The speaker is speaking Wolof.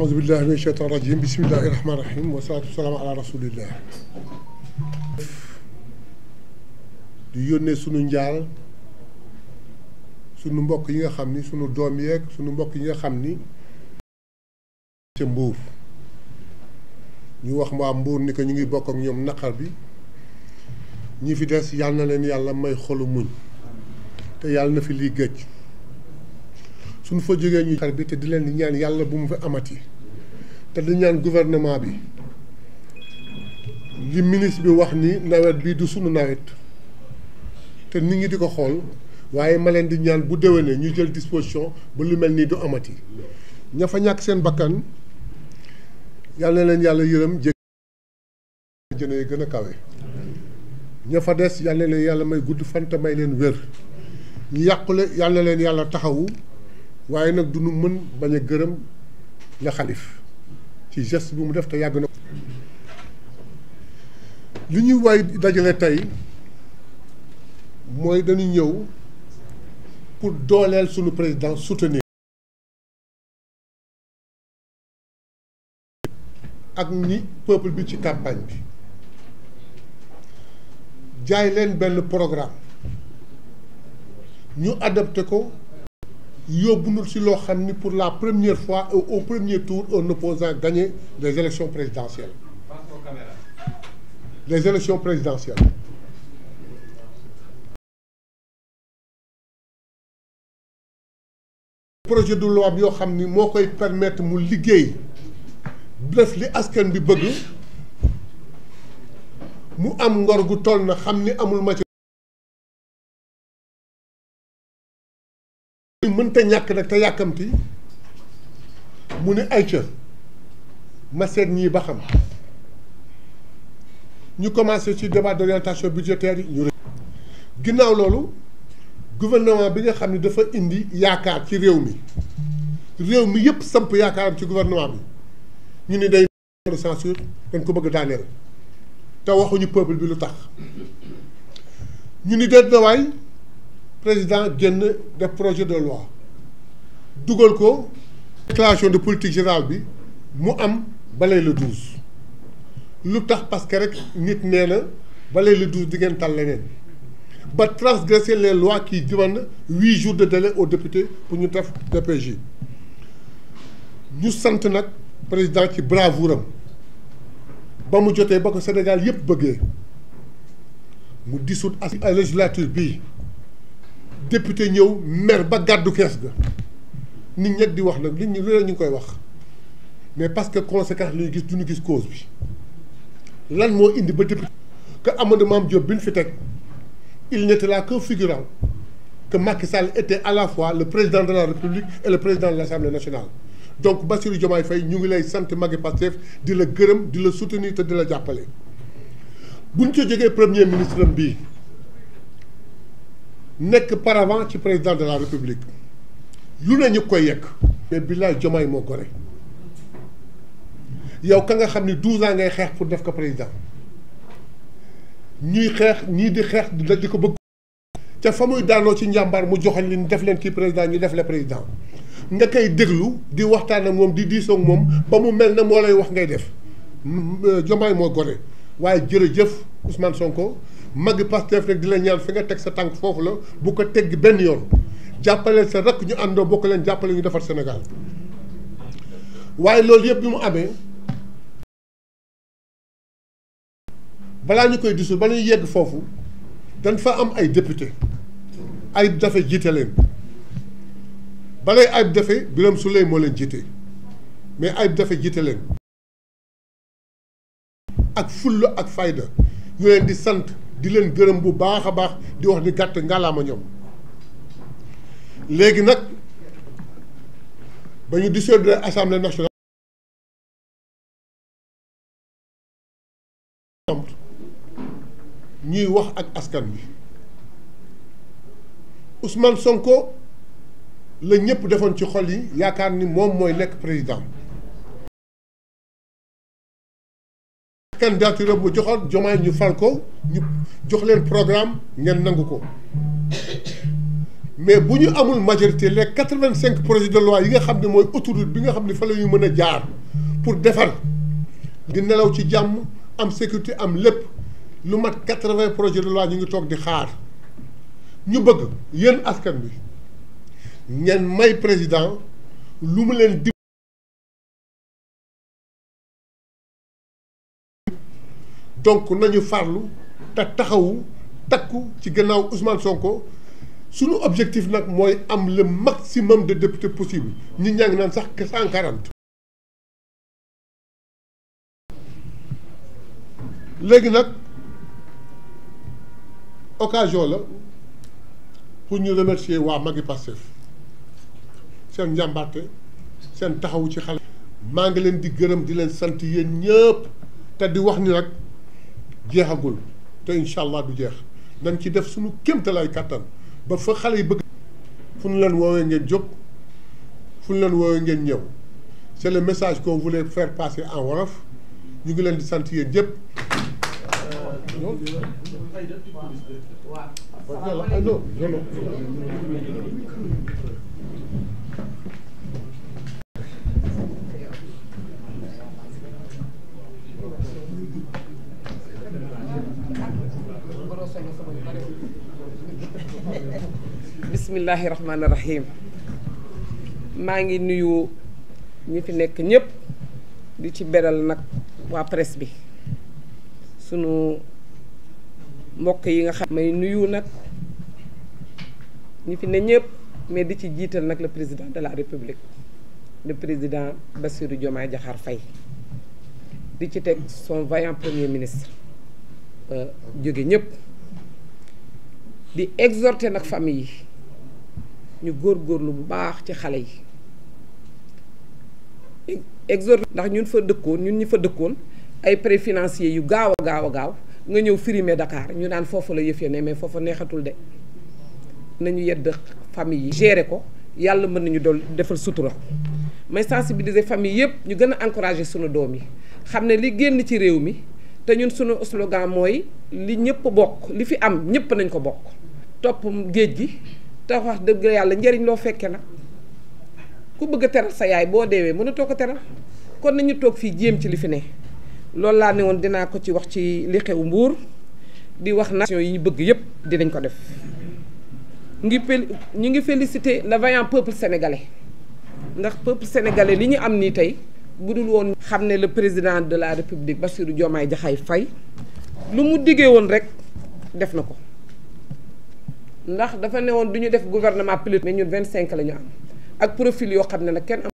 aouzu billahi min sheytaan rajim bismillahi rahmani rahim wasalaatu wasalaam ala rasulillah di yónnee sunu njaal sunu mbokk yi nga xam ni sunu doom yéeg suñu mbokk yi nga xam ni ca mbuur ñu wax waa mbuur ni ko ñu ngi bokk ak ñoom naqar bi ñi fi des yàlla na leen yàlla may xolu muñ te yàlla na fi lii gëj suñ fa jógee ñu xar bi te di leen di ñaan yàlla bu mu fi amati te li ñaan gouvernement bi li ministre bi wax ni nawet bi du sunu nawet te nit ngi di ko xool waaye ma leen di ñaan bu déwénee ñu jël disposition ba lu mel nii du amati ña fa ñàkk seen bakkan yàlla na leen yàlla yërëm jéggi jëne yi gën a kawe ña fa des yàlla na leen yàlla may gudd fanta may leen wér ñu yàqule yàlla leen yàlla taxawu waaye nag du nu mën bañ a gërëm la xalif ci geste bi mu def te yàgg na li ñuy waay dajale tey mooy dañu ñëw pour dooleel sunu président soutenir ak ni peuple bi ci campagne bi jaay leen benn programme ñu adopté ko yóbbu nu si loo xam ni pour la première fois au au premier tour un opposant gagné les élections présidentielles les élections présidentielles projet de loi bi yoo xam ni moo koy permettre mu liggéey def li askan bi bëgg mu am ngor gu toll na xam ni amul matière yàkkamti mënta ñàkk nag te yàkkamti mu ne ay ca ma ñii ba xam ñu commencé ci débat d'orientation budgétaire yi ñu ginnaaw loolu gouvernement bi nga xam ne dafa indi yaakaar ci réew mi réew mi yëpp samp yaakaaram ci gouvernement bi ñu ni day censure ko bëgg daaneel te waxuñu peuple bi lu tax ñu ni déet président génn def projet de loi dugal ko déclaration de politique générale bi mu am balay le douze lu tax parce que rek nit nee na balay le douze di ngeen tal leneen ba transgresser les lois qui demandent huit jours de délai aux députés pour ñu def DPG ñu sant nag président ci bravoure am ba mu jotee ba ko Sénégal yëpp bëggee mu dissout as législature bii député ñëw mer ba gàddu kees ga nit ñet di wax nag nit ñi lu ñu ngi koy wax mais parce que conséquence la gis du ñu gis cause bi lan moo indi ba député que Amadou Mame Diop bi ñu fi teg il n'était là qu'un figurant que Macky Sall était à la fois le président de la République et le président de l'Assemblée nationale donc Bassirou Diomaye fay ñu ngi lay sant Maggi Pastef di la gërëm di la soutenir te di la jàppale buñ ca jógee premier ministre bii nekk paravent ci président de la république lu ne ñu koy yekk mais billaay Diomaye moo gore yow ka nga xam ni 12 ans ngay xeex pour def ko président ñuy xeex ñii di xeex da di ko bëgg ca fa muy daanoo ci njàmbaar mu joxoñ li ñu def leen ci président ñu def la président nga koy déglu di waxtaan ak moom di diisoo ak moom ba mu mel na moo lay wax ngay def Diomaye moo gore waaye jërëjëf Ousmane Sonko magi Pastef rek di la ñaan fi nga teg sa tànk foofu la bu ko tegg benn yoon jàppale sa rakk ñu àndoo bokk leen jàppale ñu defar Sénégal waaye loolu yëpp bi mu amee balaa ñu koy disul ba ñuy yegg foofu dan fa am ay député Ayib Daffé jiite leen balay Ayib Daffé Birame Souleye moo leen jiite mais Ayib Daffé jiite leen ak fulla ak fayda ñu leen di sant di leen gërëm bu baax a baax di wax di gàtt ngalaama ñoom léegi nag ba ñu dissoudre assemblée nationale ñuy wax ak askan bi usman Sonko la ñëpp defoon ci xol yi yaakaar ni moom mooy nekk président candidature bu joxoon jomaay ñu fal ko ñu jox leen programme ngeen nangu ko mais bu ñu amul majorité les quatre vingt cinq projet de loi yi nga xam ne mooy autoroute bi nga xam ni fa yu mën a jaar pour defar di nelaw ci jàmm am sécurité am lépp lu mat quatre vingt projet de loi ñu ngi toog di xaar ñu bëgg yéen askan bi ngeen may président lu mu leen di donc nañu farlu te taxawu takku ci gannaaw Ousmane Sonko suñu objectif nag mooy am le maximum de député possible ñi ñaa ngi naan sax que cent quarante léegi nag occasion la pour ñu remercier waa Maggi Pastef seen njàmbaarte seen taxawu ci xale maa ngi leen di gërëm di leen sant yéen ñëpp te di wax ni nag jeexagul te incha du jeex nañ ci def suñu kéemtalaay kàttan ba fa xale yi bëgg. fu ñu leen woowee ngeen jóg fu ñu leen woowee ngeen ñëw c'est le message qu'on voulait faire passer en wolof ñu ngi leen di sant yéen ñëpp. Euh, bismillahi rahmaani rahim maa ngi nuyu ñu fi nekk ñëpp di ci beral nag waa presse bi sunu mbokk yi nga xam may nuyu nag ñi fi ne ñëpp mais di ci jiital nag le président de la république le président Bassirou Diomaye Diakhar fay di ci teg son vaillant premier ministre euh, jóge ñëpp di exhorter nag famille yi ñu góor góorgóorlu bu baax ci xale yi exor ndax ñun fa dëkkoon ñun ñi fa dëkkoon ay prêt yu gaaw a gaaw gaaw nga ñëw firime Dakar ñu naan foofu la yëf ya ne mais foofa neexatul de nañu yedd famille yi gere ko yàlla mën nañu dool defal sutura may sensibiliser famille yëpp ñu gën a encourager sunu doom yi xam ne li génn ci réew mi te ñun sunu slogan mooy li ñëpp bokk li fi am ñëpp nañ ko bokk topp géej gi te wax dëgg yàlla njariñ loo fekke nag ku bëgg a teral sa yaay boo deewee toog ko teral kon nañu toog fii jéem ci li fi ne loolu laa ne woon dinaa ko ci wax ci li xew mbuur di wax na yi ñu bëgg yëpp dinañ ko def ngi ñu ngi félicité le vaillant peuple sénégalais ndax peuple sénégalais li ñu am nii tey bu dul woon xam ne le président de la république Bassirou Diomaye Diakhar fay lu mu diggee woon rek def na ko ndax dafa ne woon du ñu def gouvernement plutôt mais ñun cinq la ñu am ak profil yoo xam ne nag kenn am.